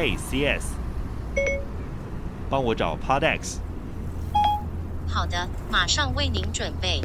a CS，幫我找 PodX。好的，馬上為您準備。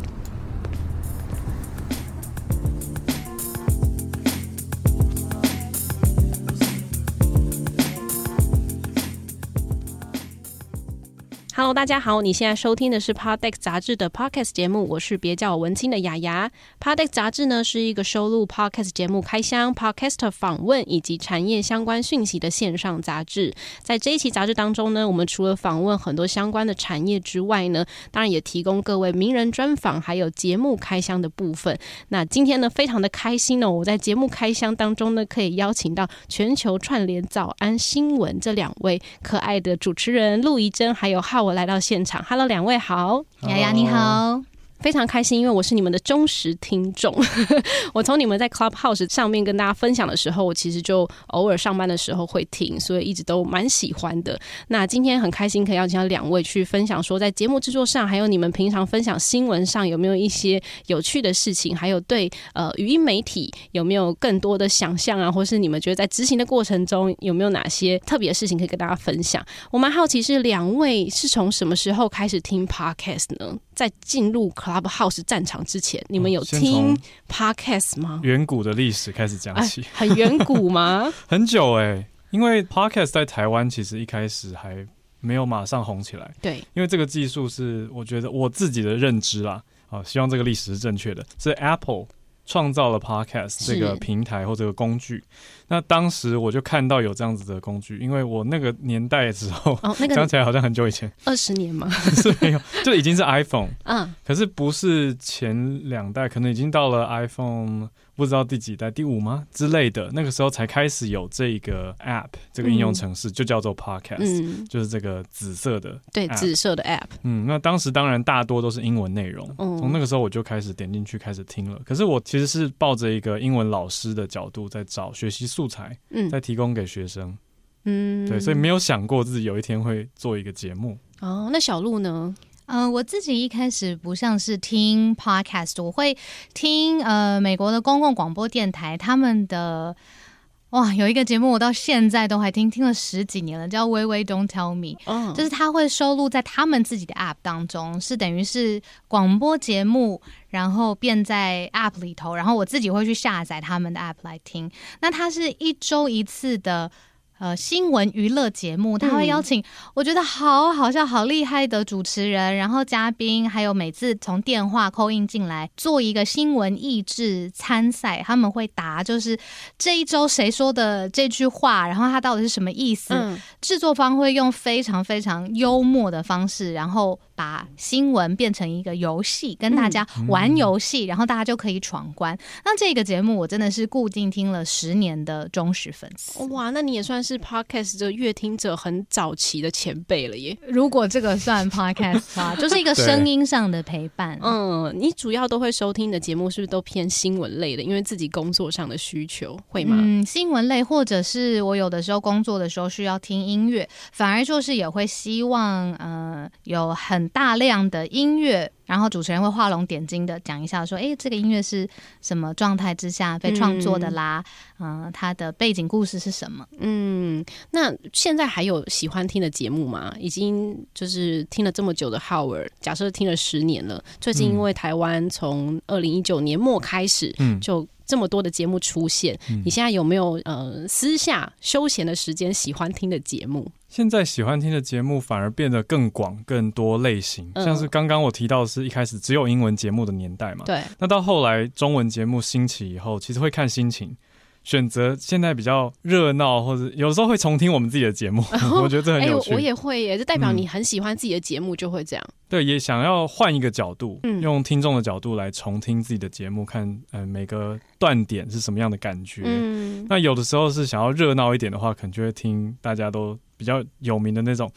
Hello，大家好！你現在收聽的是 Podex 雜誌的 Podcast 節目，我是別叫我文青的雅雅。Podex 雜誌呢是一個收錄 Podcast 節目開箱、Podcaster 訪問以及產業相關訊息的線上雜誌。在這一期雜誌當中呢，我們除了訪問很多相關的產業之外呢，當然也提供各位名人專訪，還有節目開箱的部分。那今天呢，非常的開心呢、哦，我在節目開箱當中呢，可以邀請到全球串聯早安新聞這兩位可愛的主持人路怡珍，還有浩。我來到現場，Hello，兩位好，丫丫你好。非常開心，因為我是你們的忠實聽眾。 我從你們在 Clubhouse 上面跟大家分享的時候，我其實就偶爾上班的時候會聽，所以一直都蠻喜歡的。那今天很開心可以邀請到兩位去分享，說在節目製作上，還有你們平常分享新聞上，有沒有一些有趣的事情？還有對，呃，語音媒體有沒有更多的想象啊？或是你們覺得在執行的過程中，有沒有哪些特別的事情可以跟大家分享？我蠻好奇是兩位是從什麼時候開始聽 Podcast 呢？在進入，Clubhouse 戰場之前，你們有聽 Podcast 嗎？遠古的歷史開始講起。哎，很遠古嗎？ 很久誒、欸，因為 Podcast 在台灣其實一開始還沒有馬上紅起來。對，因為這個技術是我覺得我自己的認知啦，啊，希望這個歷史是正確的，是 Apple 創造了 Podcast 這個平台或這個工具。那當時我就看到有這樣子的工具，因為我那個年代的時候哦，那個想起來好像很久以前，二十年嘛，是沒有，就已經是 iPhone，嗯、啊，可是不是前兩代，可能已經到了 iPhone 不知道第幾代，第五嗎之類的，那個時候才開始有這個 App，這個應用程式、嗯、就叫做 Podcast，、嗯、就是這個紫色的，對，紫色的 App，嗯，那當時當然大多都是英文內容，從那個時候我就開始點進去開始聽了，可是我其實是抱着一個英文老師的角度在找學習。素材，嗯，再提供給學生，嗯，嗯，對，所以沒有想過自己有一天會做一個節目哦。那小路呢？嗯、呃，我自己一開始不像是聽 podcast，我會聽呃美國的公共廣播電台他們的。哇，有一個節目我到現在都還聽，聽了十幾年了，叫《微微 Don't Tell Me》，oh. 就是它會收錄在他們自己的 App 當中，是等於是廣播節目，然後變在 App 裡頭，然後我自己會去下載他們的 App 來聽。那它是一周一次的。呃，新聞娛樂節目，他會邀請我覺得好好笑、好厲害的主持人，嗯、然後嘉賓，還有每次從電話 call in 進來做一個新聞益智參賽，他們會答，就是這一周誰說的這句話，然後他到底是什麼意思？嗯、製作方會用非常非常幽默的方式，然後。把新聞變成一個遊戲，跟大家玩遊戲，然後大家就可以闖關、嗯嗯。那這個節目，我真的是固定聽了十年的忠實粉絲。哇，那你也算是 podcast 的閱聽者很早期的前輩了耶！如果這個算 podcast 的話， 就是一個聲音上的陪伴。嗯，你主要都會收聽的節目是不是都偏新聞類的？因為自己工作上的需求會嗎？嗯，新聞類，或者是我有的時候工作的時候需要聽音樂，反而就是也會希望嗯、呃，有很。大量的音樂，然後主持人會畫龍點睛的講一下，說：“誒、欸，這個音樂是什麼狀態之下被創作的啦？嗯、呃，它的背景故事是什麼？”嗯，那現在還有喜歡聽的節目嗎？已經就是聽了這麼久的 Howard，假設聽了十年了，最近因為台灣從二零一九年末開始，就。這麼多的節目出現，嗯，你現在有沒有呃私下休閒的時間喜歡聽的節目？現在喜歡聽的節目反而變得更廣、更多類型，嗯、像是剛剛我提到的是一開始只有英文節目的年代嘛，對。那到後來中文節目興起以後，其實會看心情。選擇現在比較熱鬧，或者有時候會重聽我們自己的節目，哦、 我覺得這很有趣。哎、我也會耶，就代表你很喜歡自己的節目，就會這樣、嗯。對，也想要換一個角度，用聽眾的角度來重聽自己的節目，嗯看嗯、呃、每個斷點是什麼樣的感覺。嗯、那有的時候是想要熱鬧一點的話，可能就會聽大家都比較有名的那種，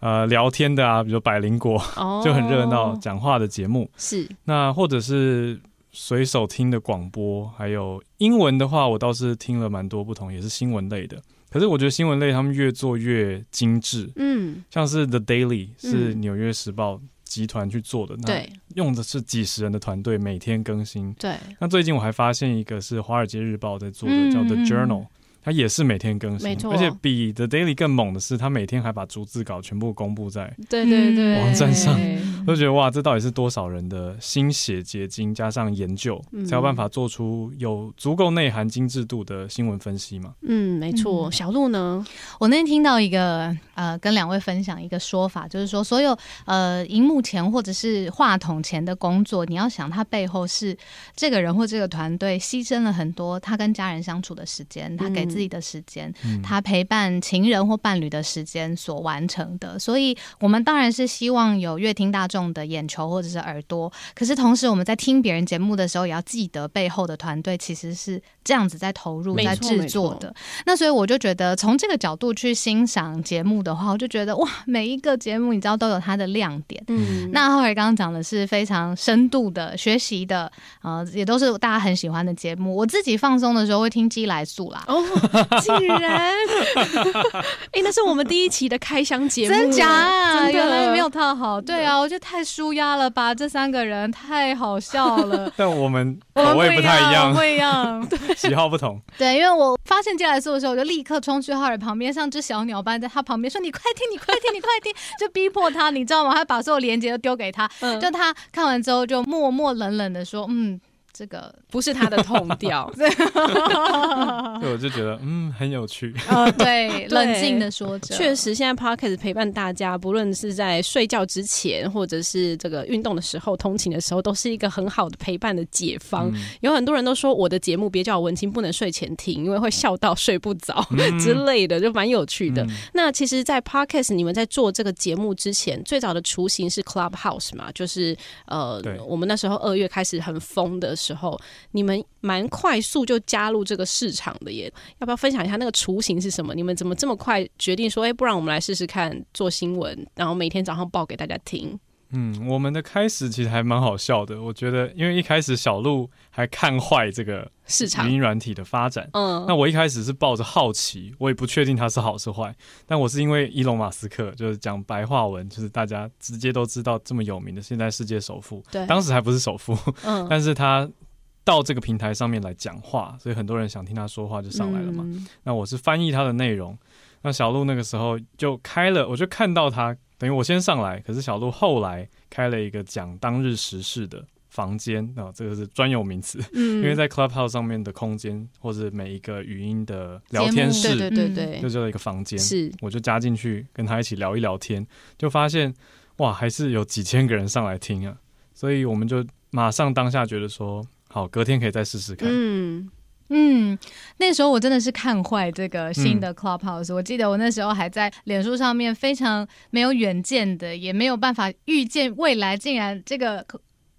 呃，聊天的啊，比如說百靈果、哦、 就很熱鬧，講話的節目是那或者是。隨手聽的廣播，還有英文的話，我倒是聽了蠻多不同，也是新聞類的。可是我覺得新聞類他們越做越精致，嗯，像是 The Daily 是紐約時報集團去做的，對、嗯，那用的是幾十人的團隊，每天更新，對。那最近我還發現一個是華爾街日報在做的，嗯、叫 The Journal。他也是每天更新，而且比 The Daily 更猛的是，他每天還把逐字稿全部公布在對對對網站上，嗯、對對對都覺得哇，這到底是多少人的心血結晶，加上研究、嗯，才有辦法做出有足夠內涵、精緻度的新聞分析嘛？嗯，沒錯、嗯。小路呢，呢？我那天聽到一個呃，跟兩位分享一個說法，就是說，所有呃，熒幕前或者是話筒前的工作，你要想他背後是這個人或這個團隊犧牲了很多他跟家人相處的時間、嗯，他給，自己的時間，他陪伴情人或伴侶的時間所完成的，所以我們當然是希望有閱聽大眾的眼球或者是耳朵。可是同時我們在聽別人節目的時候，也要記得背後的團隊其實是這樣子在投入在制作的。那所以我就覺得從這個角度去欣賞節目的話，我就覺得哇，每一個節目你知道都有它的亮點。嗯，那後來剛剛講的是非常深度的學習的，呃，也都是大家很喜歡的節目。我自己放鬆的時候會聽《雞來素》啦。Oh! 竟然！哎、 欸，那是我們第一期的開箱節目，真假、啊？原來沒有套好。對啊，對我覺得太紓壓了吧，這三個人太好笑了。但我們口味不太一樣，不 一會樣， 喜好不同對。對，因為我發現進來的時候，我就立刻衝去浩爾旁邊，像隻小鳥般在他旁邊說：“你快聽，你快聽，你快聽！” 就逼迫他，你知道嗎？還把所有連結都丟給他、嗯。就他看完之後，就默默冷，冷冷的說：“嗯。”這個不是他的痛調， 對， 我就覺得嗯，很有趣。哦 、呃、對，冷靜的說着，確實現在 Podcast 陪伴大家，不論是在睡覺之前，或者是這個運動的時候、通勤的時候，都是一個很好的陪伴的解方。嗯、有很多人都說我的節目別叫我文青，不能睡前聽，因為會笑到睡不着、嗯、之類的，就蠻有趣的。嗯、那其實，在 Podcast 你們在做這個節目之前，最早的雛形是 Clubhouse 嘛，就是呃，我們那時候二月開始很瘋的。時候，你們蠻快速就加入這個市場的耶，要不要分享一下那個雛形是什麼？你們怎麼這麼快決定說，哎、欸，不然我們來試試看做新聞，然後每天早上報給大家聽？嗯，我們的開始其實還蠻好笑的。我覺得，因為一開始小路還看壞這個市場語音軟體的發展。嗯，那我一開始是抱着好奇，我也不確定它是好是壞。但我是因為伊隆馬斯克，就是講白話文，就是大家直接都知道這麼有名的，現在世界首富。對，當時還不是首富。嗯，但是他到這個平台上面來講話，所以很多人想聽他說話就上來了嘛。嗯，那我是翻譯他的內容。那小路那個時候就開了，我就看到他。等於我先上來，可是小路後來開了一個講當日時事的房間啊、哦，這個是專有名詞、嗯。因為在 Clubhouse 上面的空間或者每一個語音的聊天室，對，對對對就叫做一個房間。是、嗯，我就加進去跟他一起聊一聊天，就發現哇，還是有幾千個人上來聽啊，所以我們就馬上當下覺得說，好，隔天可以再試試看。嗯。嗯，那時候我真的是看壞這個新的 Clubhouse，嗯。我記得我那時候還在臉書上面非常沒有遠見的，也沒有辦法預見未來，竟然這個。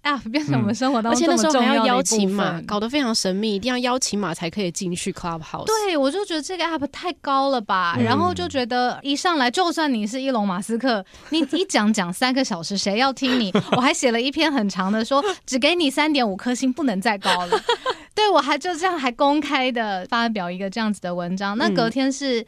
app 變成我們生活當中、嗯，而且那時候還要邀請碼，搞得非常神秘，一定要邀請碼才可以進去 Clubhouse。對，我就覺得這個 app 太高了吧，嗯、然後就覺得一上來就算你是伊隆馬斯克，你一講講三個小時，誰 要聽你？我還寫了一篇很長的說，說 只給你三點五顆星，不能再高了。 對，我還就這樣還公開的發表一個這樣子的文章，那隔天是。嗯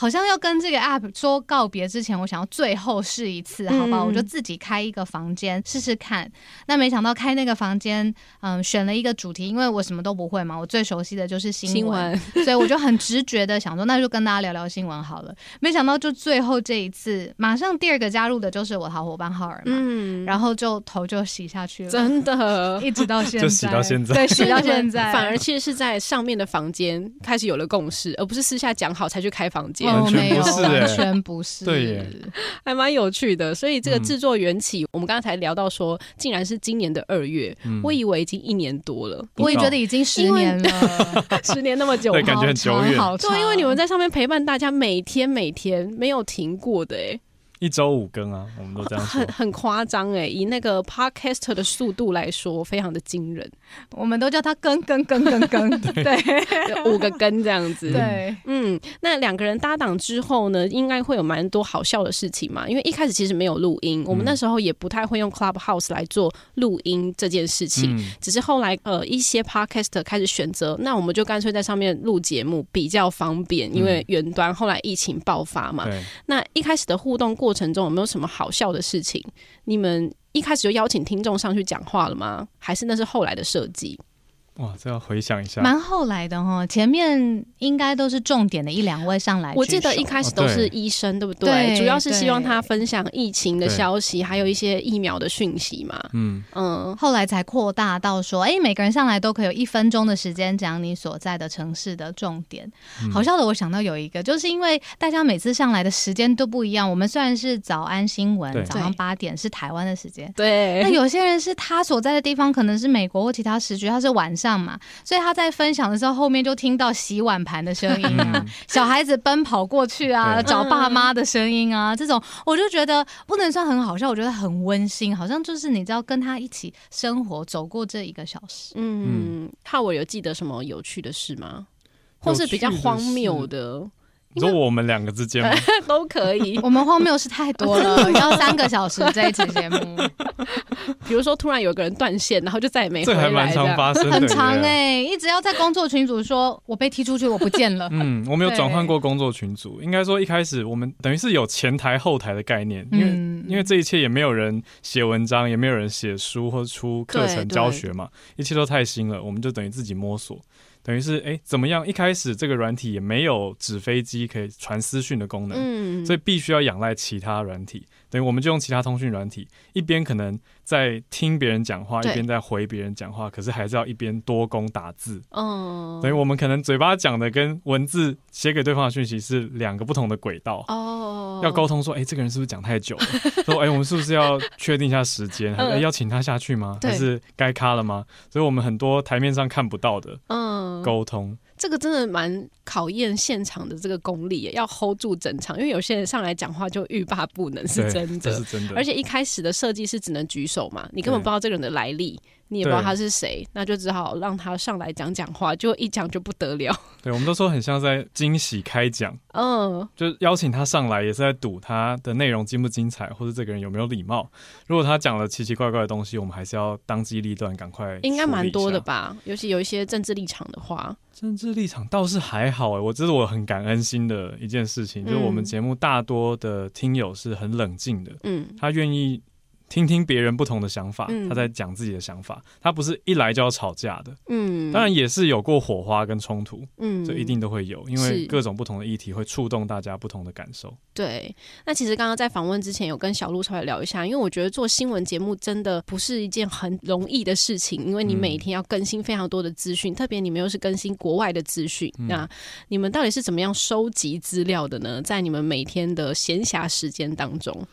好像要跟這個 app 說告別之前，我想要最後試一次，好吧？嗯，我就自己開一個房間試試看。那沒想到開那個房間，嗯，選了一個主題，因為我什麼都不會嘛，我最熟悉的就是新聞，所以我就很直覺的想說，那就跟大家聊聊新聞好了。 沒想到就最後這一次，馬上第二個加入的就是我的好夥伴浩爾嘛，嗯，然後就頭就洗下去了，真的，一直到現在， 就洗到現在，對，洗到現在， 反而其實是在上面的房間開始有了共識，而不是私下講好才去開房間。沒有，這是，完全不是、欸， 對，還蠻有趣的。所以這個制作緣起，我們剛才聊到說，竟然是今年的二月、嗯，我以為已經一年多了、嗯，我也覺得已經十年了， 十年那麼久， 對，感覺很久遠，好，對，因為你們在上面陪伴大家，每天每天沒有停過的，哎。一週五更啊，我們都這樣很很誇張哎，以那個 Podcaster 的速度來說，非常的驚人。我們都叫它“更更更更更”， 對，對就五個更這樣子。對，嗯，那兩個人搭檔之後呢，應該會有蠻多好笑的事情嘛。因為一開始其實沒有錄音，我們那時候也不太會用 clubhouse 來做錄音這件事情。嗯、只是後來呃，一些 Podcaster 開始選擇，那我們就乾脆在上面錄節目比較方便，因為遠端後來疫情爆發嘛。嗯、那一開始的互動過。過程中有沒有什麼好笑的事情？你們一開始就邀請聽眾上去講話了嗎？還是那是後來的設計？哇，這要回想一下，蠻後來的哈，前面應該都是重點的一兩位上來。我記得一開始都是醫生，哦、對不對，對？主要是希望他分享疫情的消息，還有一些疫苗的訊息嘛。嗯嗯，嗯，後來才擴大到說，哎、欸，每個人上來都可以有一分鐘的時間講你所在的城市的重點，嗯。好笑的，我想到有一個，就是因為大家每次上來的時間都不一樣。我們雖然是早安新聞，早上八點是台灣的時間，對。那有些人是他所在的地方可能是美國或其他時區，他是晚上。嘛，所以他在分享的時候，後面就聽到洗碗盤的聲音啊， 小孩子奔跑過去啊，找爸媽的聲音啊，這種我就覺得不能算很好笑，我覺得很溫馨，好像就是你知道跟他一起生活走過這一個小時。嗯，浩爾有記得什麼有趣的事嗎？或是比較荒謬的？你說我們兩個之間嗎？ 都可以。 我們荒謬是太多了， 要三個小時這一期節目。 比如說，突然有個人斷線，然後就再也沒這,這還蠻常發生，的，很常哎、欸， 一直要在工作群組說“我被踢出去，我不見了” 嗯，我沒有轉換過工作群組。應該說，一開始我們等於是有前台、後台的概念，因、嗯、為因為這一切也沒有人寫文章，也沒有人寫書或出課程教學嘛對對對，一切都太新了，我們就等於自己摸索。等於是，哎，欸，怎麼樣？一開始這個軟體也沒有紙飛機可以傳私訊的功能，嗯，所以必須要仰賴其他軟體。等於我們就用其他通訊軟體，一邊可能在聽別人講話，一邊在回別人講話，可是還是要一邊多工打字。嗯、等於我們可能嘴巴講的跟文字寫給對方的訊息是兩個不同的軌道。哦，要溝通說，誒、欸，這個人是不是講太久了？ 說，誒、欸，我們是不是要確定一下時間、欸？要請他下去嗎？嗯、還是該咖了嗎？所以我們很多台面上看不到的，溝通。嗯這個真的蠻考驗現場的這個功力，要 hold 住整場，因為有些人上來講話就欲罷不能，是真的，真的。而且一開始的設計，是只能舉手嘛，你根本不知道這個人的來歷。你也不知道他是誰，那就只好讓他上來講講話，就一講就不得了。對，我們都說很像在驚喜開講， 嗯，就邀請他上來也是在賭他的內容精不精彩，或者這個人有沒有禮貌。如果他講了奇奇怪怪的東西，我們還是要當機立斷，趕快。應該蠻多的吧，尤其有一些政治立場的話，政治立場倒是還好、欸。哎，我這是我很感恩心的一件事情，嗯、就是我們節目大多的聽友是很冷靜的，嗯，他願意。聽聽別人不同的想法，他在講自己的想法，嗯，他不是一來就要吵架的。嗯，當然也是有過火花跟衝突，嗯，就一定都會有，因為各種不同的議題會觸動大家不同的感受。對，那其實剛剛在訪問之前，有跟小路稍微聊一下，因為我覺得做新聞節目真的不是一件很容易的事情，因為你每天要更新非常多的資訊，嗯，特別你們又是更新國外的資訊，嗯，那你們到底是怎麼樣收集資料的呢？在你們每天的閒暇時間當中？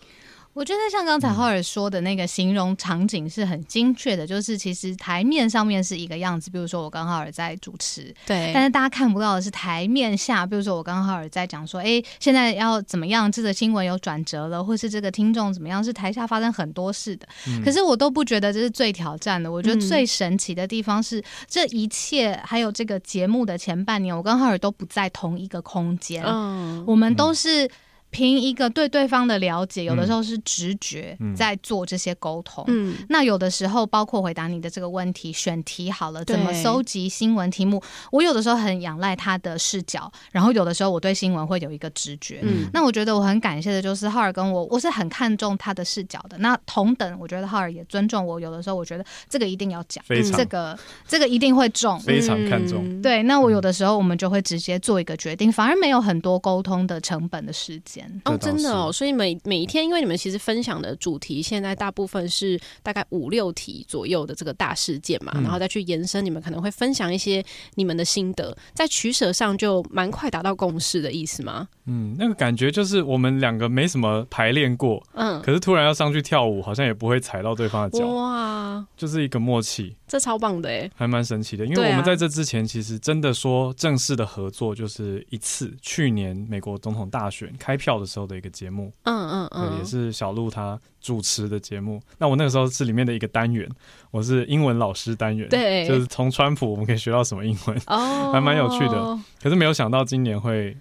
我覺得像剛才浩爾說的那個形容場景是很精確的、嗯，就是其實台面上面是一個樣子，比如說我跟浩爾在主持，對，但是大家看不到的是台面下，比如說我跟浩爾在講說，哎、欸，現在要怎麼樣？這個新聞有轉折了，或是這個聽眾怎麼樣？是台下發生很多事的、嗯，可是我都不覺得這是最挑戰的。我覺得最神奇的地方是，嗯、這一切還有這個節目的前半年，我跟浩爾都不在同一個空間，嗯，我們都是。嗯憑一個對對方的了解，有的時候是直覺在做這些溝通。嗯嗯、那有的時候包括回答你的這個問題，選題好了，怎麼蒐集新聞題目，我有的時候很仰賴他的視角。然後有的時候我對新聞會有一個直覺。嗯、那我覺得我很感謝的就是浩爾跟我，我是很看重他的視角的。那同等，我覺得浩爾也尊重我。有的時候我覺得這個一定要講，非常這個這個一定會重，非常看重、嗯。對，那我有的時候我們就會直接做一個決定，反而沒有很多溝通的成本的時間。哦，真的哦，所以每每一天，因為你們其實分享的主題，現在大部分是大概五六題左右的這個大事件嘛，嗯、然後再去延伸，你們可能會分享一些你們的心得，在取舍上就蠻快達到共識的意思嗎？嗯，那個感覺就是我們兩個沒什麼排練過，嗯，可是突然要上去跳舞，好像也不會踩到對方的腳，哇，就是一個默契。這超棒的哎、欸，還蠻神奇的，因為我們在這之前其實真的說正式的合作就是一次，去年美國總統大選開票的時候的一個節目，嗯嗯嗯，對，也是小路他主持的節目。那我那個時候是裡面的一個單元，我是英文老師單元，對，就是從川普我們可以學到什麼英文哦，還蠻有趣的。可是沒有想到今年會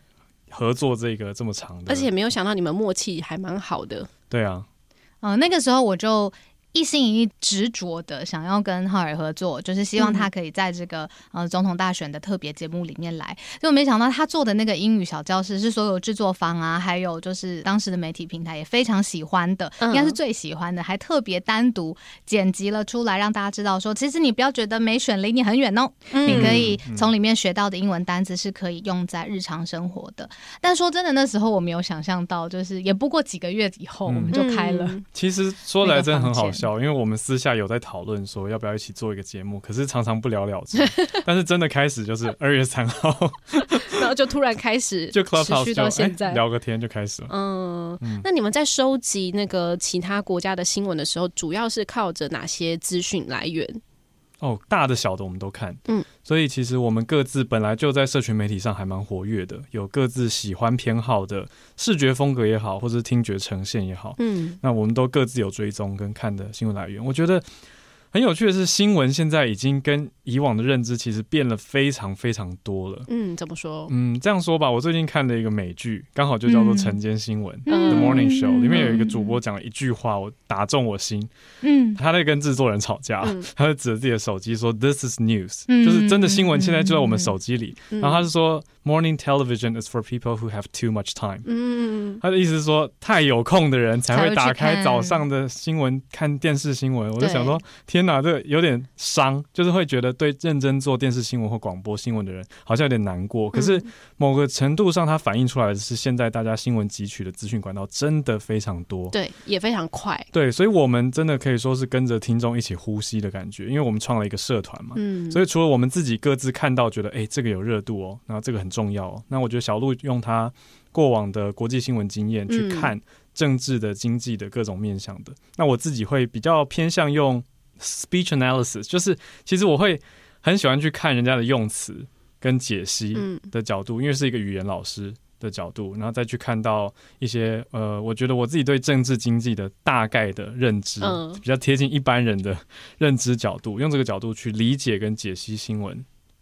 合作這個這麼長的，而且沒有想到你們默契還蠻好的。對啊，嗯，那個時候我就。一心一意執着的想要跟浩爾合作，就是希望他可以在這個、嗯、呃總統大選的特別節目裡面來。就沒想到他做的那個英語小教室是所有制作方啊，還有就是當時的媒體平台也非常喜歡的，嗯、應該是最喜歡的，還特別單獨剪輯了出來，讓大家知道說，其實你不要覺得美選離你很遠哦、嗯，你可以從裡面學到的英文單詞是可以用在日常生活的。但說真的，那時候我沒有想象到，就是也不過幾個月以後我們就開了、嗯嗯那個。其實說來真的很好笑。因為我們私下有在討論說要不要一起做一個節目，可是常常不了了之。 但是真的開始就是二月三號，然 後 就突然開始就 clubhouse 去到現在， 聊個天就開始了。嗯，嗯那你們在收集那個其他國家的新聞的時候，主要是靠着哪些資訊來源？哦、oh，大的小的我們都看，嗯，所以其實我們各自本來就在社群媒體上還蠻活躍的，有各自喜歡偏好的視覺風格也好，或是聽覺呈現也好，嗯，那我們都各自有追蹤跟看的新聞來源。我覺得很有趣的是，新聞現在已經跟以往的認知其實變了非常非常多了。嗯，怎麼說？嗯，這樣說吧，我最近看了一個美劇，剛好就叫做成《晨間新聞》（The Morning Show），嗯、裡面有一個主播講了一句話，我打中我心。嗯，他在跟製作人吵架，嗯、他就指着自己的手機說、嗯、：“This is news，嗯。”就是真的新聞，現在就在我們手機裡，嗯嗯。然後他是說、嗯、：“Morning television is for people who have too much time。”嗯，他的意思是說，太有空的人才會打開早上的新聞看，看電視新聞。我就想說，天哪，這個，有點傷，就是會覺得。對，認真做電視新聞或廣播新聞的人，好像有點難過。可是某個程度上，它反映出來的是，現在大家新聞汲取的資訊管道真的非常多，對，也非常快。對，所以，我們真的可以說是跟着聽眾一起呼吸的感覺，因為我們創了一個社團嘛。嗯，所以除了我們自己各自看到，覺得哎、欸，這個有熱度哦，然後這個很重要哦。那我覺得小路用他過往的國際新聞經驗去看政治的、經濟的各種面向的，嗯，那我自己會比較偏向用。Speech analysis 就是，其實我會很喜歡去看人家的用詞跟解析的角度，嗯，因為是一個語言老師的角度，然後再去看到一些呃，我覺得我自己對政治經濟的大概的認知，比較貼近一般人的認知角度，用這個角度去理解跟解析新聞。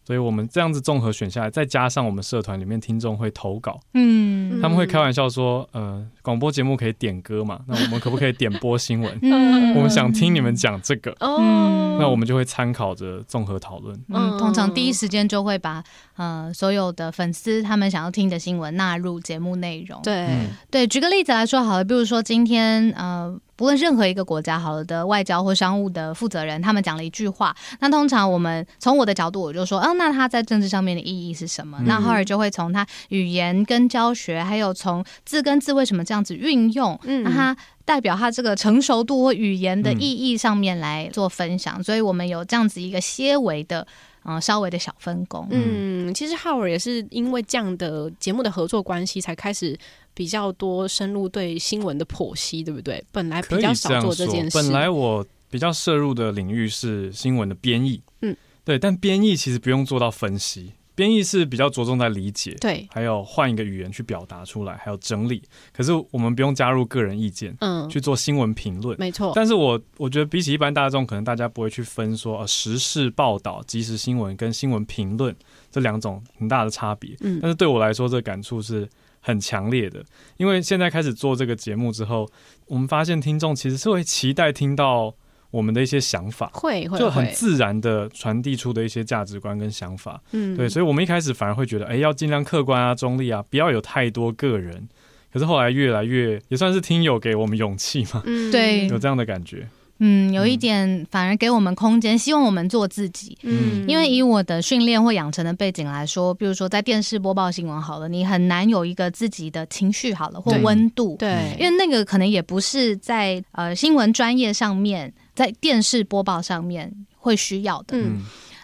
所以我們這樣子綜合選下來，再加上我們社團裡面聽眾會投稿，嗯，他們會開玩笑說，嗯、呃，廣播節目可以點歌嘛？那我們可不可以點播新聞、 嗯？我們想聽你們講這個，嗯，那我們就會參考着綜合討論。嗯，通常第一時間就會把嗯、呃，所有的粉絲他們想要聽的新聞納入節目內容。對、嗯、對，舉個例子來說，好了，比如說今天嗯……呃無論任何一個國家好，好的外交或商務的負責人，他們講了一句話，那通常我們從我的角度，我就說，嗯、啊，那他在政治上面的意義是什麼？嗯、那浩爾就會從他語言跟教學，還有從字跟字為什麼這樣子運用，嗯、那他代表他這個成熟度或語言的意義上面來做分享，嗯、所以我們有這樣子一個些微的。啊、嗯，稍微的小分工。嗯，其實 Howard 也是因為這樣的節目的合作關係，才開始比較多深入對新聞的剖析，對不對？本來比較少做這件事。本來我比較涉入的領域是新聞的編譯。嗯，對，但編譯其實不用做到分析。編譯是比較着重在理解，對，還有換一個語言去表達出來，還有整理。可是我們不用加入個人意見，嗯，去做新聞評論，沒錯。但是我我覺得比起一般大眾，可能大家不會去分說呃、啊、時事報道、即時新聞跟新聞評論這兩種很大的差別，嗯。但是對我來說，這個感觸是很強烈的，因為現在開始做這個節目之後，我們發現聽眾其實是會期待聽到。我們的一些想法會會就很自然的傳遞出的一些價值觀跟想法，嗯，對，所以我們一開始反而會覺得，哎、欸，要盡量客觀啊、中立啊，不要有太多個人。可是後來越來越也算是聽友給我們勇氣嘛，嗯，對，有這樣的感覺，嗯，有一點反而給我們空間，嗯，希望我們做自己，嗯，因為以我的訓練或養成的背景來說，比如說在電視播報新聞好了，你很難有一個自己的情緒好了或溫度對，對，因為那個可能也不是在呃新聞專業上面。在電視播報上面會需要的，嗯，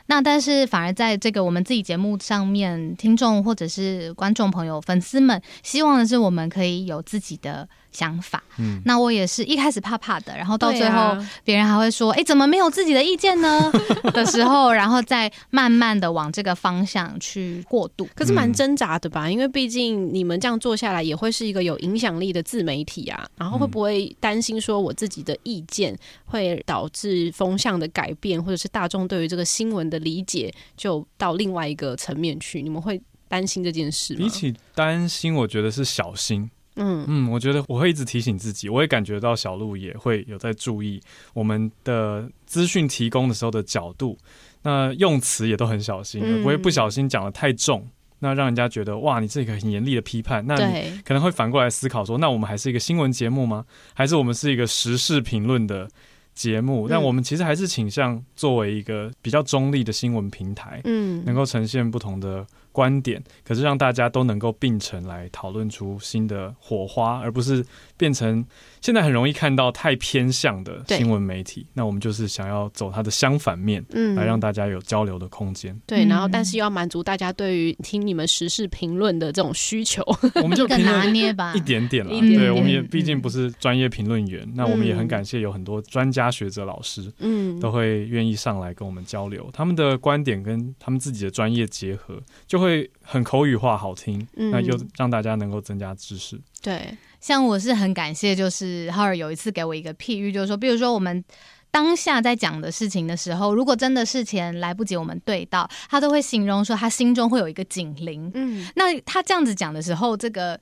那但是反而在這個我們自己節目上面，聽眾或者是觀眾朋友、粉絲們，希望的是我們可以有自己的。想法，嗯，那我也是一開始怕怕的，然後到最後別人還會說，哎、啊欸，怎麼沒有自己的意見呢？ 的時候，然後再慢慢的往這個方向去過渡，可是蠻掙扎的吧？嗯、因為畢竟你們這樣做下來也會是一個有影響力的自媒體啊，然後會不會擔心說我自己的意見會導致風向的改變，或者是大眾對於這個新聞的理解就到另外一個層面去？你們會擔心這件事嗎？比起擔心，我覺得是小心。嗯嗯，我覺得我會一直提醒自己，我也感覺到小路也會有在注意我們的資訊提供的時候的角度，那用詞也都很小心，嗯、不會不小心講得太重，那讓人家覺得哇，你這個很嚴厲的批判，那你可能會反過來思考說，那我們還是一個新聞節目嗎？還是我們是一個時事評論的節目、嗯？但我們其實還是傾向作為一個比較中立的新聞平台，嗯，能夠呈現不同的觀點，可是讓大家都能夠並存來討論出新的火花，而不是變成現在很容易看到太偏向的新聞媒體。那我們就是想要走它的相反面、嗯，來讓大家有交流的空間。對，然後但是要滿足大家對於聽你們時事評論的這種需求，嗯、 我們就更拿捏吧，一點點了。對，我們也畢竟不是專業評論員、嗯，那我們也很感謝有很多專家學者老師，嗯，都會願意上來跟我們交流，他們的觀點跟他們自己的專業結合，就會。會很口語化，好聽，那就讓大家能夠增加知識。嗯、對，像我是很感謝，就是浩爾有一次給我一個譬喻，就是說，比如說我們當下在講的事情的時候，如果真的事情來不及，我們對到，他都會形容說，他心中會有一個警鈴。嗯，那他這樣子講的時候，這個。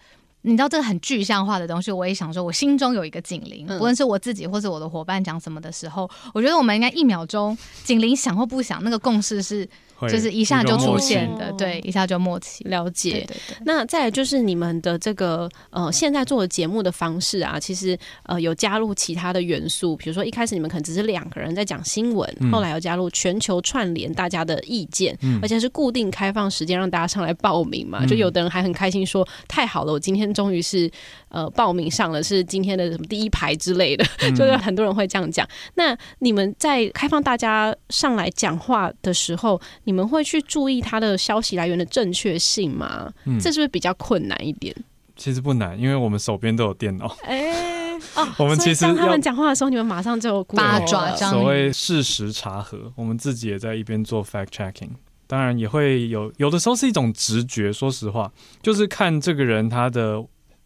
你知道這個很具象化的東西，我也想說，我心中有一個警鈴。無、嗯、論是我自己或是我的夥伴講什麼的時候，我覺得我們應該一秒鐘警鈴響或不響，那個共識是就是一下就出現的，對，一下就默契、哦、了解。對對對，那再來就是你們的這個呃，現在做的節目的方式啊，其實呃有加入其他的元素，比如說一開始你們可能只是兩個人在講新聞，嗯、後來又加入全球串聯大家的意見、嗯，而且是固定開放時間讓大家上來報名嘛，嗯、就有的人還很開心說太好了，我今天。終於是，呃，報名上了是今天的什麼第一排之類的，嗯、 就有很多人會這樣講。那你們在開放大家上來講話的時候，你們會去注意他的消息來源的正確性嗎、嗯？這是不是比較困難一點？其實不難，因為我們手邊都有電腦。哎、欸， 哦，我們其實聽他們講話的時候， 你們馬上就八爪張，所謂事實查核，我們自己也在一邊做 fact checking。當然也會有，有的時候是一種直覺。說實話，就是看這個人他的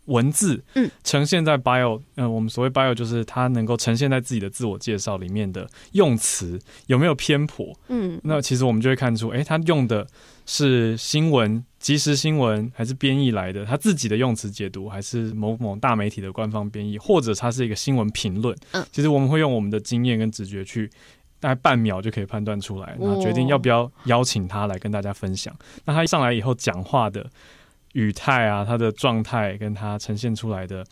文字，嗯，呈現在 bio，嗯，呃、我們所謂 bio 就是他能夠呈現在自己的自我介紹裡面的用詞有沒有偏頗，嗯，那其實我們就會看出，哎、欸，他用的是新聞、即時新聞還是編譯來的？他自己的用詞解讀還是某某大媒體的官方編譯，或者他是一個新聞評論？嗯，其實我們會用我們的經驗跟直覺去。大概半秒就可以判斷出來，然後決定要不要邀請他來跟大家分享。哦、那他一上來以後講話的語態啊，他的狀態跟他呈現出來的，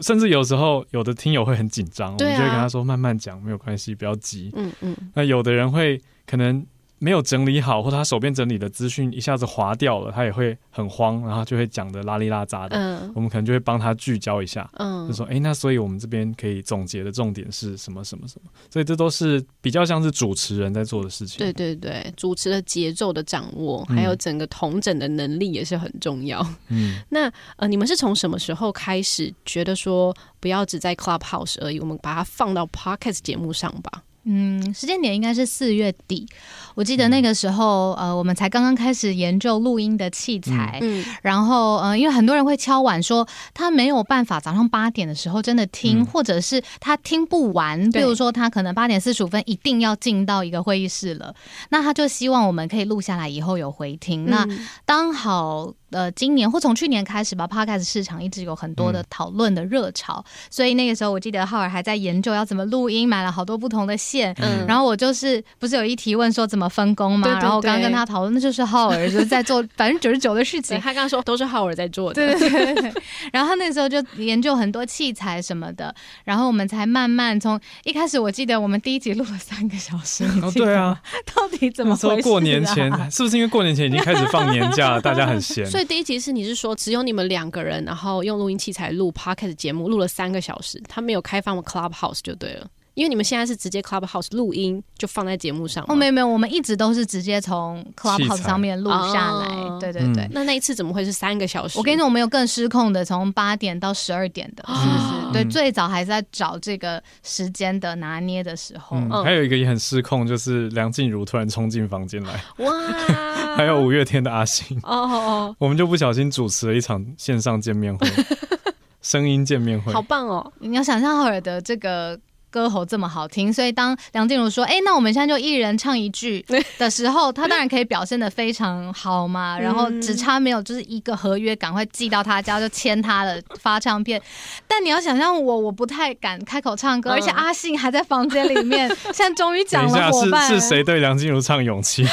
甚至有時候有的聽友會很緊張，對啊，我們就會跟他說慢慢講，沒有關係，不要急。嗯嗯，那有的人會可能沒有整理好，或者他手邊整理的資訊一下子滑掉了，他也會很慌，然後就會講得拉裡拉扎的。嗯，我們可能就會幫他聚焦一下，嗯，就說，哎，那所以我們這邊可以總結的重點是什麼什麼什麼？所以這都是比較像是主持人在做的事情。對對對，主持的節奏的掌握，還有整個統整的能力也是很重要。嗯， 那呃，你們是從什麼時候開始覺得說不要只在 Clubhouse 而已，我們把它放到 Podcast 節目上吧？嗯，時間點應該是四月底。我記得那個時候，嗯、呃，我們才剛剛開始研究錄音的器材嗯。嗯，然後，呃，因為很多人會敲碗說他沒有辦法早上八點的時候真的聽、嗯，或者是他聽不完。比如說，他可能八點四十五分一定要進到一個會議室了，那他就希望我們可以錄下來以後有回聽。嗯、那剛好。呃，今年或從去年開始吧，Podcast 市場一直有很多的討論的熱潮，嗯，所以那個時候我記得浩爾還在研究要怎麼錄音，買了好多不同的線，嗯，然後我就是不是有一提問說怎麼分工嘛，然後我剛跟他討論，那就是浩爾，就是在做百分之九十九的事情， 他剛剛說都是浩爾在做的，對對對，對然後他那個時候就研究很多器材什麼的，然後我們才慢慢從一開始我記得我們第一集錄了三個小時，哦，哦對啊，到底怎麼、啊？說過年前是不是因為過年前已經開始放年假了， 大家很閒？第一集是，你是說只有你們兩個人，然後用錄音器材錄 Podcast 節目，錄了三個小時，他沒有開放的 Clubhouse 就對了。因為你們現在是直接 Clubhouse 錄音，就放在節目上。哦，沒有沒有，我們一直都是直接從 Clubhouse 上面錄下來。對對對、嗯，那那一次怎麼會是三個小時？我跟你說，我們有更失控的，從八點到十二點的，是不是？啊、對、嗯，最早還在找這個時間的拿捏的時候。嗯、還有一個也很失控，就是梁靜茹突然衝進房間來，哇、嗯！ 還有五月天的阿信， 哦哦哦，我們就不小心主持了一場線上見面會， 聲音見面會，好棒哦！你要想象浩爾的這個。歌喉這麼好聽，所以當梁靜茹說“哎、欸，那我們現在就一人唱一句”的時候，他當然可以表現得非常好嘛。然後只差沒有就是一個合約，趕快寄到他家就簽他的發唱片。但你要想象我，我不太敢開口唱歌，而且阿信還在房間裡面。現在終於講了夥伴，是是誰對梁靜茹唱勇氣？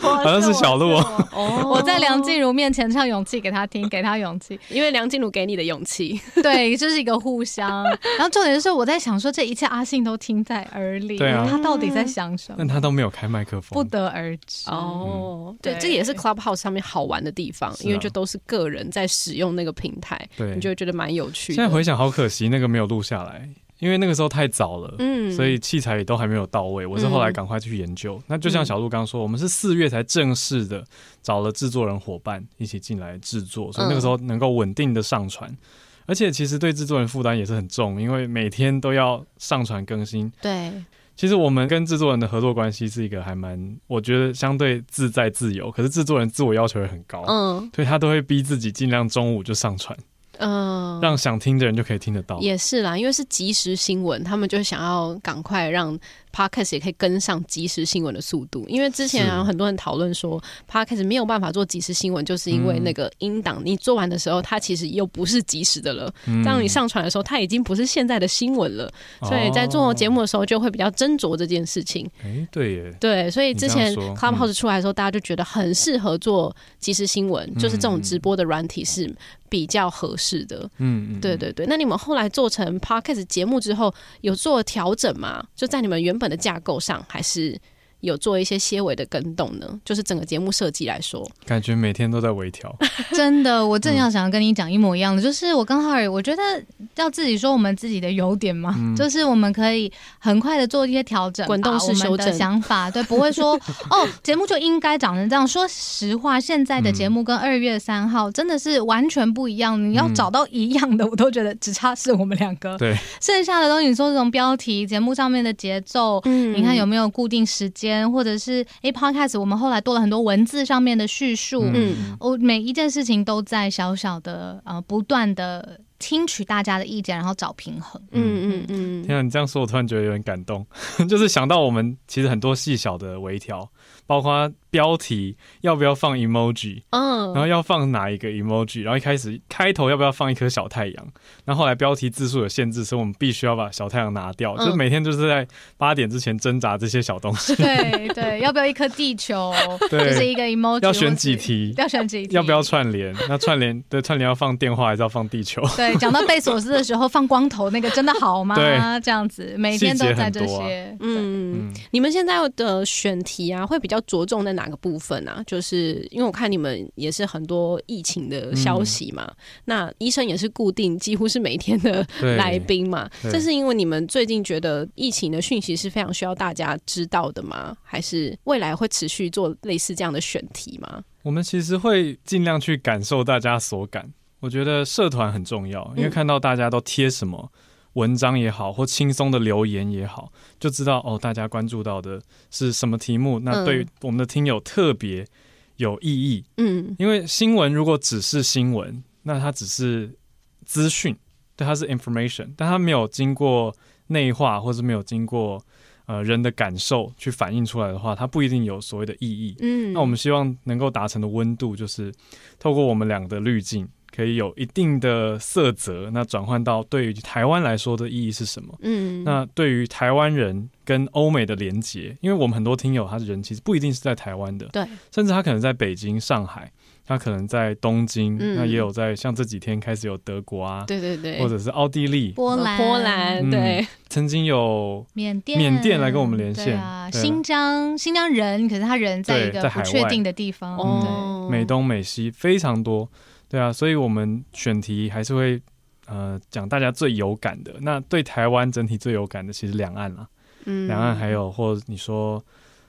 好 像是小鹿。我在梁靜茹面前唱勇氣給他聽，給他勇氣，因為梁靜茹給你的勇氣。 對，這、就是一個互相。然後重點是我。我在想說，這一切阿信都聽在耳裡，他到底在想什麼？但他都沒有開麥克風，不得而知哦、嗯。對，這也是 Clubhouse 上面好玩的地方、啊，因為就都是個人在使用那個平台，對，你就會覺得蠻有趣的。現在回想，好可惜那個沒有錄下來，因為那個時候太早了，嗯，所以器材也都還沒有到位。我是後來趕快去研究、嗯。那就像小路剛說，我們是四月才正式的找了制作人伙伴一起進來制作，所以那個時候能夠穩定的上傳。嗯。而且其實對制作人負擔也是很重，因為每天都要上傳更新。對，其實我們跟制作人的合作關係是一個還蠻，我覺得相對自在自由，可是制作人自我要求也很高。嗯，所以他都會逼自己儘量中午就上傳。嗯，讓想聽的人就可以聽得到，也是啦。因為是即時新聞，他們就想要趕快讓 Podcast 也可以跟上即時新聞的速度。因為之前有、啊、很多人討論說，Podcast 沒有辦法做即時新聞，就是因為那個音檔，你做完的時候，它其實又不是即時的了。當、嗯、你上傳的時候，它已經不是現在的新聞了、嗯。所以，在做節目的時候，就會比較斟酌這件事情。哎、欸，對耶，對，所以之前 Clubhouse 出來的時候，嗯、大家就覺得很適合做即時新聞、嗯，就是這種直播的軟體是。比較合適的，嗯對對對。那你們後來做成 Podcast 節目之後，有做調整嗎？就在你們原本的架構上，還是？有做一些些微的更動呢，就是整個節目設計來說，感覺每天都在微調。 真的，我正要想要跟你講一模一樣的，就是我跟浩爾，我覺得要自己說我們自己的優點嘛、嗯，就是我們可以很快的做一些調整，滾動式修正想法，對，不會說 哦，節目就應該長成這樣。說實話，現在的節目跟二月三號真的是完全不一樣。你要找到一樣的，嗯、我都覺得只差是我們兩個。對，剩下的東西，你說這種標題、節目上面的節奏、嗯，你看有沒有固定時間？或者是 A、欸、podcast，我們後來多了很多文字上面的敘述，嗯，我、哦、每一件事情都在小小的呃不斷的聽取大家的意見，然後找平衡，嗯嗯嗯嗯嗯。聽到、天啊、你這樣說，我突然覺得有點感動， 就是想到我們其實很多細小的微調，包括。標題要不要放 emoji？嗯，然後要放哪一個 emoji？然後一開始開頭要不要放一顆小太陽？那後，後來標題字數有限制，所以我們必須要把小太陽拿掉，嗯、就每天就是在八點之前掙扎這些小東西。對對，要不要一顆地球？對， 就是一個 emoji。要選幾題？要選幾題？要不要串聯？ 那串聯，對，串聯要放電話還是要放地球？對，講到貝索斯的時候 放光頭那個真的好嗎？這樣子每天都在這些。啊、嗯嗯嗯，你們現在的選題啊會比較着重在哪？兩、那個部分啊？就是因為我看你們也是很多疫情的消息嘛，嗯、那醫生也是固定幾乎是每天的來賓嘛。這是因為你們最近覺得疫情的訊息是非常需要大家知道的嗎？還是未來會持續做類似這樣的選題嗎？我們其實會盡量去感受大家所感。我覺得社團很重要，因為看到大家都貼什麼。嗯。文章也好，或輕鬆的留言也好，就知道哦，大家關注到的是什麼題目？那對於我們的聽友特別有意義。嗯，因為新聞如果只是新聞，那它只是資訊，對它是 information，但它沒有經過內化，或是沒有經過呃人的感受去反映，出來的話，它不一定有所謂的意義。嗯，那我們希望能夠達成的溫度，就是透過我們兩個的濾鏡。可以有一定的色澤，那轉換到對於台灣來說的意義是什麼？嗯，那對於台灣人跟歐美的連接，因為我們很多聽友，他的人其實不一定是在台灣的，對，甚至他可能在北京、上海，他可能在東京，嗯，那也有在像這幾天開始有德國啊，對對對，或者是奧地利、波蘭、嗯、波蘭，對，曾經有緬甸緬甸來跟我們連線，對啊，新疆新疆人，可是他人在一個在不確定的地方，哦，美東美西非常多。對啊，所以我們選題還是會，呃，講大家最有感的。那對台灣整體最有感的，其實兩岸啦，啊嗯，兩岸還有或你說，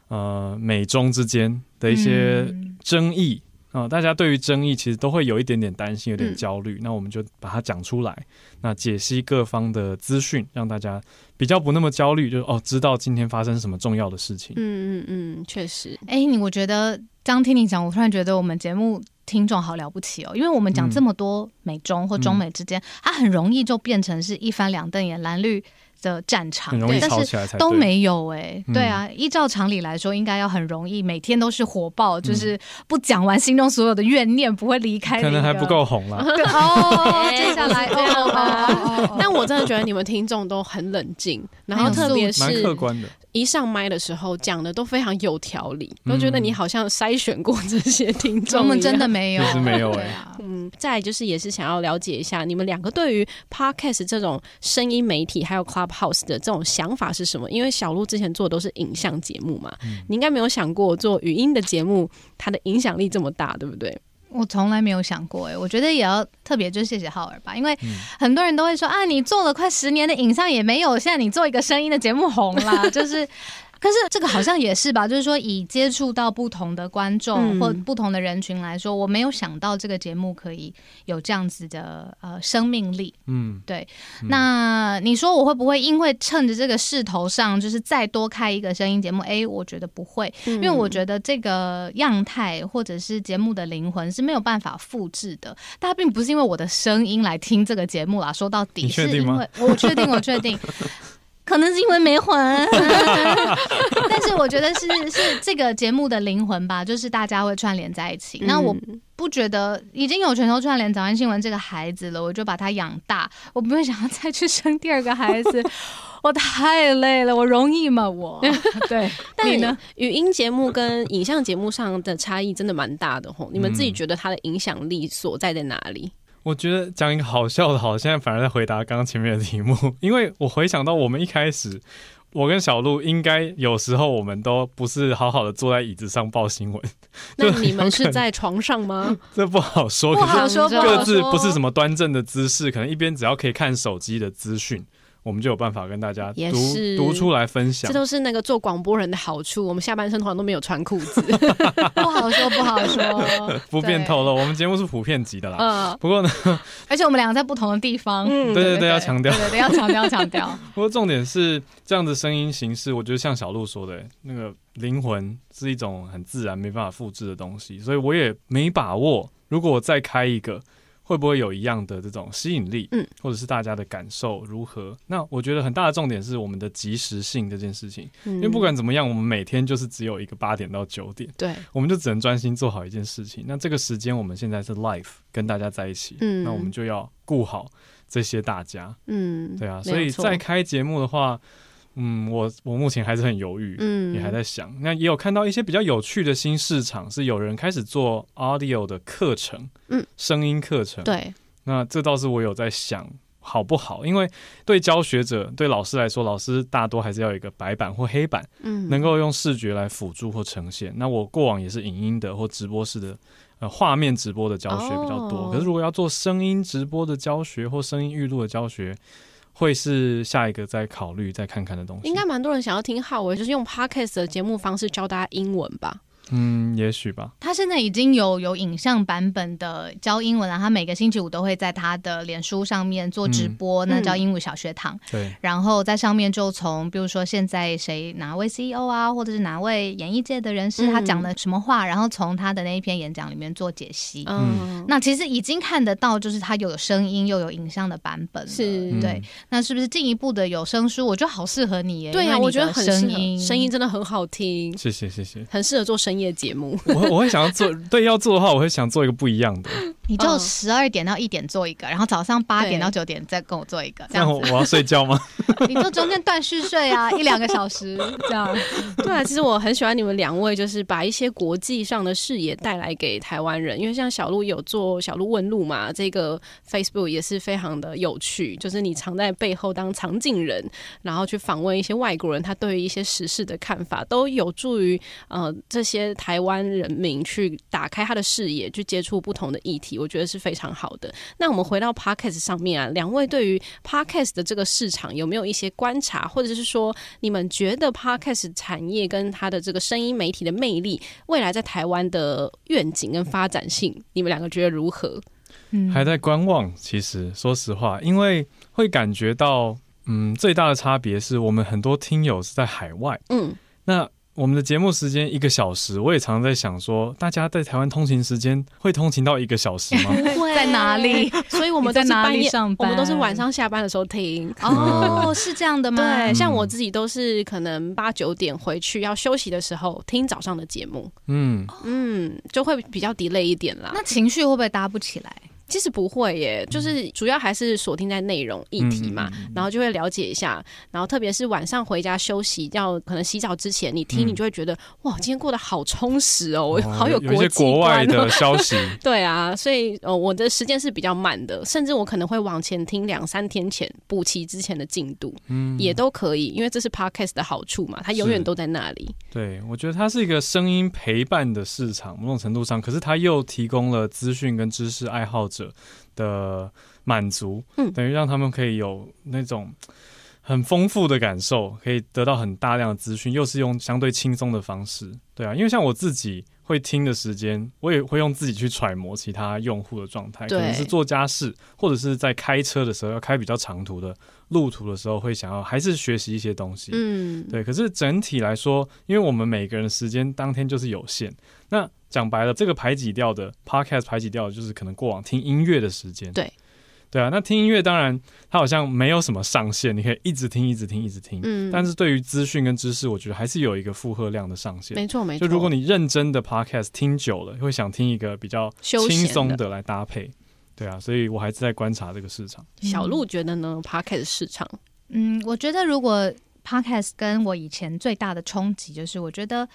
呃，美中之間的一些爭議啊，嗯呃，大家對於爭議其實都會有一點點擔心，有點焦慮，嗯。那我們就把它講出來，那解析各方的資訊，讓大家比較不那麼焦慮，就是哦，知道今天發生什麼重要的事情。嗯嗯嗯，確實。哎，你我覺得剛聽你講，我突然覺得我們節目。聽眾好了不起哦，因為我們講這麼多美中或中美之間、嗯嗯，它很容易就變成是一翻兩瞪眼藍綠的戰場，對對，但是都沒有哎、欸嗯，對啊，依照常理來說，應該要很容易，每天都是火爆，嗯、就是不講完心中所有的怨念，不會離開你，可能還不夠紅了。 哦。 接下來， 哦哦哦哦哦哦哦 但我真的覺得你們聽眾都很冷靜。然後特別是一上麥的時候，講的都非常有條理，都覺得你好像篩選過這些、嗯、聽眾、啊。我們真的沒有，也是沒有呀、欸。嗯，再就是也是想要了解一下你們兩個對於 Podcast 這種聲音媒體還有 Clubhouse 的這種想法是什麼？因為小路之前做的都是影像節目嘛、嗯，你應該沒有想過做語音的節目，它的影響力這麼大，對不對？我從來沒有想過，欸，哎，我覺得也要特別，就是謝謝浩爾吧，因為很多人都會說啊，你做了快十年的影像也沒有，現在你做一個聲音的節目紅啦， 就是。可是這個好像也是吧，就是說，以接觸到不同的觀眾或不同的人群來說，嗯、我沒有想到這個節目可以有這樣子的呃生命力。嗯，對嗯。那你說我會不會因為趁着這個勢頭上，就是再多開一個聲音節目？哎，我覺得不會，嗯，因為我覺得這個樣態或者是節目的靈魂是沒有辦法複製的。大家並不是因為我的聲音來聽這個節目啦，說到底，你確定嗎？是因為，我確定，我確定。 可能是因為沒魂，但是我覺得是、是這個節目的靈魂吧，就是大家會串聯在一起。那我不覺得，已經有全球串聯早安新聞這個孩子了，我就把他養大，我不會想要再去生第二個孩子， 我太累了，我容易嗎？我 對。但你呢？語音節目跟影像節目上的差異真的蠻大的吼， 你們自己覺得它的影響力所在在哪裡？我覺得講一個好笑的好，現在反而在回答剛剛前面的題目，因為我回想到我們一開始，我跟小路應該有時候我們都不是好好的坐在椅子上報新聞。那你們是在床上嗎？ 這不好說，可是各自不是什麼端正的姿勢，可能一邊只要可以看手機的資訊。我們就有辦法跟大家讀讀出來分享，這都是那個做廣播人的好處。我們下半身通常都沒有穿褲子， 不，好不好說，不好說，不便透露。我們節目是普遍級的啦，嗯、呃。不過呢，而且我們兩個在不同的地方，嗯、對，對，對，對對對，要強調，對對，對要強調強調。 不過重點是這樣的聲音形式，我覺得像小路說的那個靈魂是一種很自然、沒辦法複製的東西，所以我也沒把握。如果我再開一個。會不會有一樣的這種吸引力？嗯，或者是大家的感受如何，嗯？那我覺得很大的重點是我們的即時性這件事情，嗯，因為不管怎麼樣，我們每天就是只有一個八點到九點，對，我們就只能專心做好一件事情。那這個時間我們現在是 live 跟大家在一起，嗯，那我們就要顧好這些大家，嗯，對啊，所以再開節目的話。嗯嗯，我我目前還是很猶豫，嗯，也還在想。那也有看到一些比較有趣的新市場，是有人開始做 audio 的課程，嗯，聲音課程。對，那這倒是我有在想好不好？因為對教學者、對老師來說，老師大多還是要有一個白板或黑板，嗯，能夠用視覺來輔助或呈現。那我過往也是影音的或直播式的呃畫面直播的教學比較多。哦，可是如果要做聲音直播的教學或聲音預錄的教學。會是下一個再考慮、再看看的東西。應該蠻多人想要聽。好，我就是用 Podcast 的節目方式教大家英文吧。嗯，也許吧。他現在已經有有影像版本的教英文了。他每個星期五都會在他的臉書上面做直播，嗯、那教英文小學堂。對、嗯。然後在上面就從，比如說現在誰哪位 CEO 啊，或者是哪位演藝界的人士，嗯、他講的什麼話，然後從他的那一篇演講裡面做解析。嗯。那其實已經看得到，就是他有聲音又有影像的版本了。是。對。那是不是進一步的有聲書？我覺得好適合你耶。對呀、啊，我覺得很適合。聲音真的很好聽。謝謝謝謝。很適合做聲音。的節目，我我會想要做，對，要做的話，我會想做一個不一樣的。 你就十二點到一點做一個，然後早上八點到九點再跟我做一個，這樣，我，我要睡覺嗎？ 你就中間斷續睡啊，一兩個小時這樣。 對，其實我很喜歡你們兩位，就是把一些國際上的視野帶來給台灣人，因為像小路有做小路問路嘛，這個 Facebook 也是非常的有趣，就是你藏在背後當場景人，然後去訪問一些外國人，他對於一些時事的看法都有助於呃這些。台灣人民去打開他的視野，去接觸不同的議題，我覺得是非常好的。那我們回到 Podcast 上面啊，兩位對於 Podcast 的這個市場有沒有一些觀察，或者是說你們覺得 Podcast 產業跟它的這個聲音媒體的魅力，未來在台灣的願景跟發展性，你們兩個覺得如何？嗯，還在觀望。其實說實話，因為會感覺到，嗯，最大的差別是我們很多聽友是在海外。嗯，那。我們的節目時間一個小時，我也常常在想說，大家在台灣通勤時間會通勤到一個小時嗎？不 會 在哪裡？所以我們半夜在哪裡上班？我們都是晚上下班的時候聽。哦，哦 是這樣的嗎？對、嗯，像我自己都是可能八九點回去要休息的時候聽早上的節目。嗯嗯，就會比較 delay 一點啦。那情緒會不會搭不起來？其實不會耶，就是主要還是鎖定在內容議、嗯、題嘛，然後就會了解一下，然後特別是晚上回家休息，要可能洗澡之前你聽，嗯、你就會覺得哇，今天過得好充實哦，我、哦、好有國際、啊、國外的消息， 對啊，所以、哦、我的時間是比較慢的，甚至我可能會往前聽兩三天前補齊之前的進度，嗯，也都可以，因為這是 Podcast 的好處嘛，它永遠都在那裡。對，我覺得它是一個聲音陪伴的市場，某種程度上，可是它又提供了資訊跟知識愛好者。者的滿足，等於讓他們可以有那種很豐富的感受，可以得到很大量的資訊，又是用相對輕鬆的方式，對啊，因為像我自己會聽的時間，我也會用自己去揣摩其他用戶的狀態，可能是做家事或者是在開車的時候要開比較長途的。路途的時候會想要還是學習一些東西，嗯，對。可是整體來說，因為我們每個人的時間當天就是有限。那講白了，這個排擠掉的 Podcast 排擠掉的就是可能過往聽音樂的時間，對、嗯，對啊。那聽音樂當然它好像沒有什麼上限，你可以一直聽、一直聽、一直聽。嗯，但是對於資訊跟知識，我覺得還是有一個負荷量的上限。沒錯，沒錯。就如果你認真的 Podcast 聽久了，會想聽一個比較輕鬆的來搭配。對啊，所以我還是在觀察這個市場。小路覺得呢，podcast 市場，嗯，我覺得如果 podcast 跟我以前最大的衝擊，就是我覺得，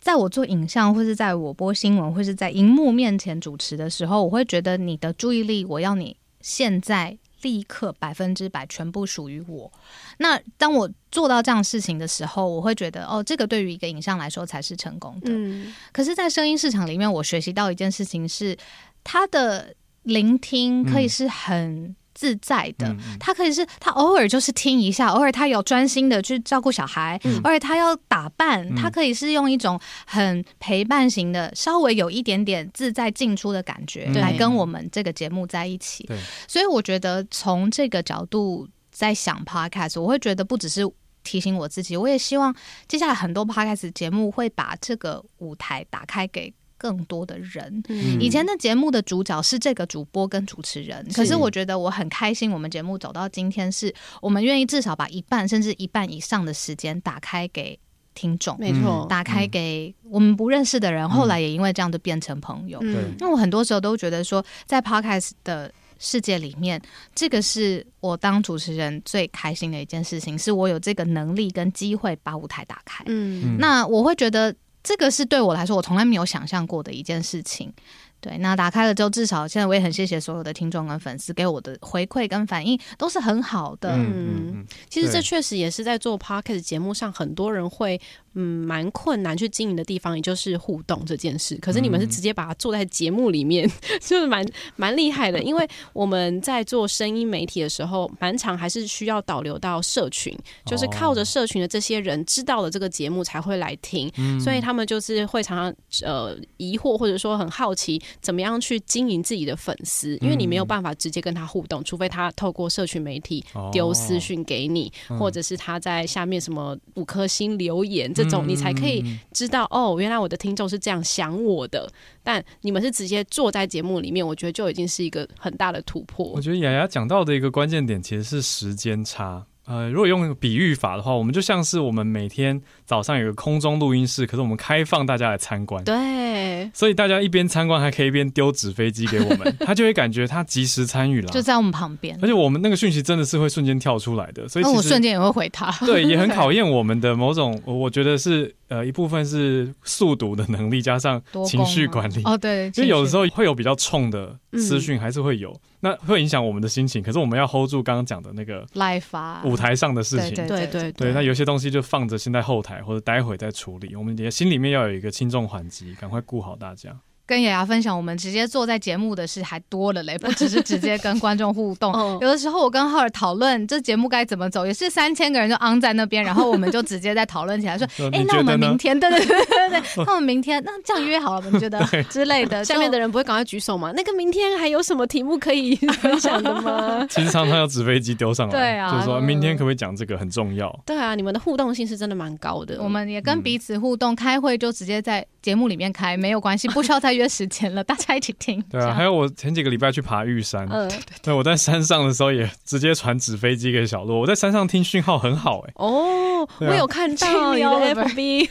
在我做影像，或是在我播新聞，或是在熒幕面前主持的時候，我會覺得你的注意力，我要你現在立刻百分之百全部屬於我。那當我做到這樣事情的時候，我會覺得哦，這個對於一個影像來說才是成功的。嗯。可是，在聲音市場裡面，我學習到一件事情是它的。聆聽可以是很自在的，嗯嗯嗯、他可以是他偶爾就是聽一下，偶爾他有專心的去照顧小孩，嗯、而且他要打扮、嗯，他可以是用一種很陪伴型的，嗯、稍微有一點點自在進出的感覺、嗯，來跟我們這個節目在一起。對。所以我覺得從這個角度在想 podcast，我會覺得不只是提醒我自己，我也希望接下來很多 podcast 節目會把這個舞台打開給更多的人，嗯、以前的節目的主角是這個主播跟主持人，是可是我覺得我很開心，我們節目走到今天，是我們願意至少把一半甚至一半以上的時間打開給聽眾，沒、嗯、錯，打開給我們不認識的人，嗯、後來也因為這樣子變成朋友。那、嗯、我很多時候都覺得說，在 Podcast 的世界裡面，這個是我當主持人最開心的一件事情，是我有這個能力跟機會把舞台打開。嗯，那我會覺得。這個是對我來說，我從來沒有想象過的一件事情。對，那打開了之後，至少現在我也很謝謝所有的聽眾跟粉絲給我的回饋跟反應，都是很好的。嗯，嗯，嗯，其實這確實也是在做 Podcast 節目上，很多人會。嗯，蠻困難去經營的地方，也就是互動這件事。可是你們是直接把它做在節目裡面，嗯、 就是蠻蠻厲害的。因為我們在做聲音媒體的時候，蠻常還是需要導流到社群，就是靠着社群的這些人知道了這個節目才會來聽，哦。所以他們就是會常常呃疑惑，或者說很好奇，怎麼樣去經營自己的粉絲？因為你沒有辦法直接跟他互動，除非他透過社群媒體丟私訊給你，哦嗯，或者是他在下面什麼五顆星留言這。你才可以知道哦，原來我的聽眾是這樣想我的。但你們是直接坐在節目裡面，我覺得就已經是一個很大的突破。我覺得雅雅講到的一個關鍵點其實是時間差。呃，如果用比喻法的話，我們就像是我們每天。早上有個空中錄音室，可是我們開放大家來參觀。對，所以大家一邊參觀還可以一邊丟紙飛機給我們， 他就會感覺他及時參與了，就在我們旁邊。而且我們那個訊息真的是會瞬間跳出來的，所以其實、啊、我瞬間也會回他。對，也很考驗我們的某種，我覺得是呃一部分是速讀的能力，加上情緒管理。哦，對，因為有的時候會有比較衝的私訊、嗯，還是會有，那會影響我們的心情。可是我們要 hold 住剛剛講的那個 live 舞台上的事情，對對對,對,對,對。那有些東西就放着，先在後台。或者待會再處理，我們也心裡面要有一個輕重緩急，趕快顧好大家。跟雅雅分享，我們直接坐在節目的事還多了嘞，不只是直接跟觀眾互動。 哦、有的時候我跟浩爾討論這節目該怎麼走，也是三千個人就 on 在那邊，然後我們就直接在討論起來，說：哎， 那我們明天，對對對對，對，那 我們明天，那這樣約好了，我們覺得 之類的，下面的人不會趕快舉手嗎？ 那個明天還有什麼題目可以分享的嗎？ 其實常常要紙飛機丟上來， 對啊，就是說明天可不可以講這個很重要。嗯、對啊，你們的互動性是真的蠻高的，我們也跟彼此互動、嗯，開會就直接在節目裡面開，沒有關係，不需要再。 約時間了，大家一起聽。對啊，還有我前幾個禮拜去爬玉山，呃對對對，對，我在山上的時候也直接傳紙飛機給小路。我在山上聽訊號很好，欸，哎，哦，我有看到你的 FB。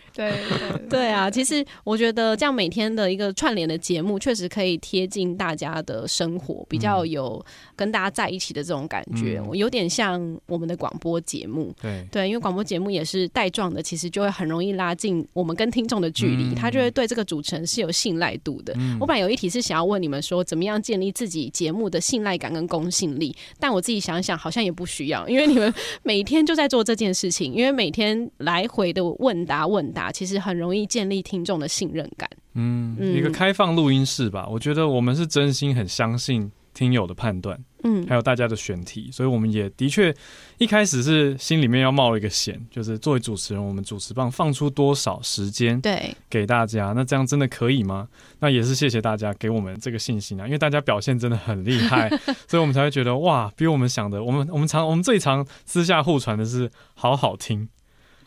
對對，對， 對啊，其實我覺得這樣每天的一個串聯的節目，確實可以貼近大家的生活，比較有跟大家在一起的這種感覺。我、嗯、有點像我們的廣播節目，嗯、對對，因為廣播節目也是帶狀的，其實就會很容易拉近我們跟聽眾的距離，他、嗯、就會對這個主持人是有信賴度的、嗯。我本來有一題是想要問你們說，怎麼樣建立自己節目的信賴感跟公信力？但我自己想想，好像也不需要，因為你們每天就在做這件事情，因為每天來回的問答問答。其實很容易建立聽眾的信任感。嗯，一個開放錄音室吧、嗯。我覺得我們是真心很相信聽友的判斷。嗯，還有大家的選題，所以我們也的確一開始是心裡面要冒了一個險，就是作為主持人，我們主持棒放出多少時間對給大家？那這樣真的可以嗎？那也是謝謝大家給我們這個信心啊，因為大家表現真的很厲害， 所以我們才會覺得哇，比我們想的，我們我們常我們最常私下互傳的是好好聽。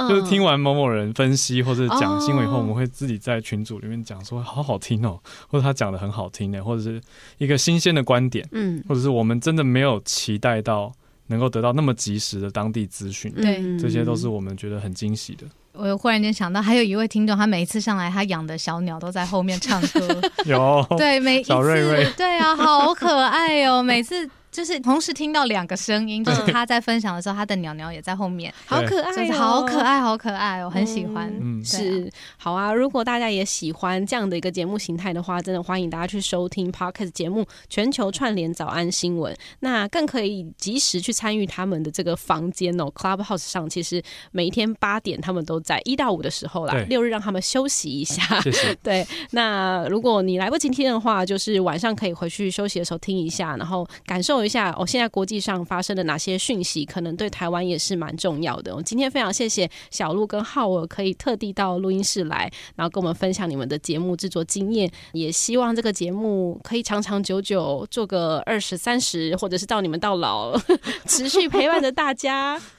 就是聽完某某人分析或者講新聞以後，我們會自己在群組裡面講說，好好聽哦、喔，或者他講的很好聽的、欸，或者是一個新鮮的觀點，嗯，或者是我們真的沒有期待到能夠得到那麼及時的當地資訊，對、嗯，這些都是我們覺得很驚喜的。我又忽然間想到，還有一位聽眾，他每一次上來，他養的小鳥都在後面唱歌， 有， 對，每一次，小瑞瑞，對啊，好可愛哦、喔，每次。就是同時聽到兩個聲音，就是他在分享的時候， 他的鳥鳥也在後面， 好可愛喔、就是好可愛，好可愛，好可愛，我很喜歡。嗯啊、是好啊，如果大家也喜歡這樣的一個節目形態的話，真的歡迎大家去收聽 Podcast 節目《全球串聯早安新聞》，那更可以及時去參與他們的這個房間哦，Clubhouse 上，其實每一天八點他們都在一到五的時候啦，六日讓他們休息一下。嗯、謝謝 對，那如果你來不及聽的話，就是晚上可以回去休息的時候聽一下，然後感受。下、哦，我現在國際上發生的哪些訊息，可能對台灣也是蠻重要的。我今天非常謝謝小鹿跟浩爾可以特地到錄音室來，然後跟我們分享你們的節目制作經驗。也希望這個節目可以長長久久，做個二十三十，或者是到你們到老，持續陪伴着大家。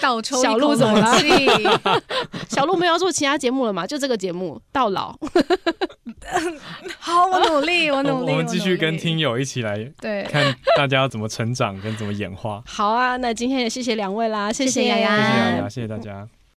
到小路怎麼了？ 小路沒有要做其他節目了嘛？就這個節目到老。 好，我努力，我努力。我，我們繼續跟聽友一起來，對，看大家要怎麼成長跟怎麼演化。 好啊，那今天也謝謝兩位啦， 謝謝丫丫，謝謝丫丫，謝謝大家。嗯。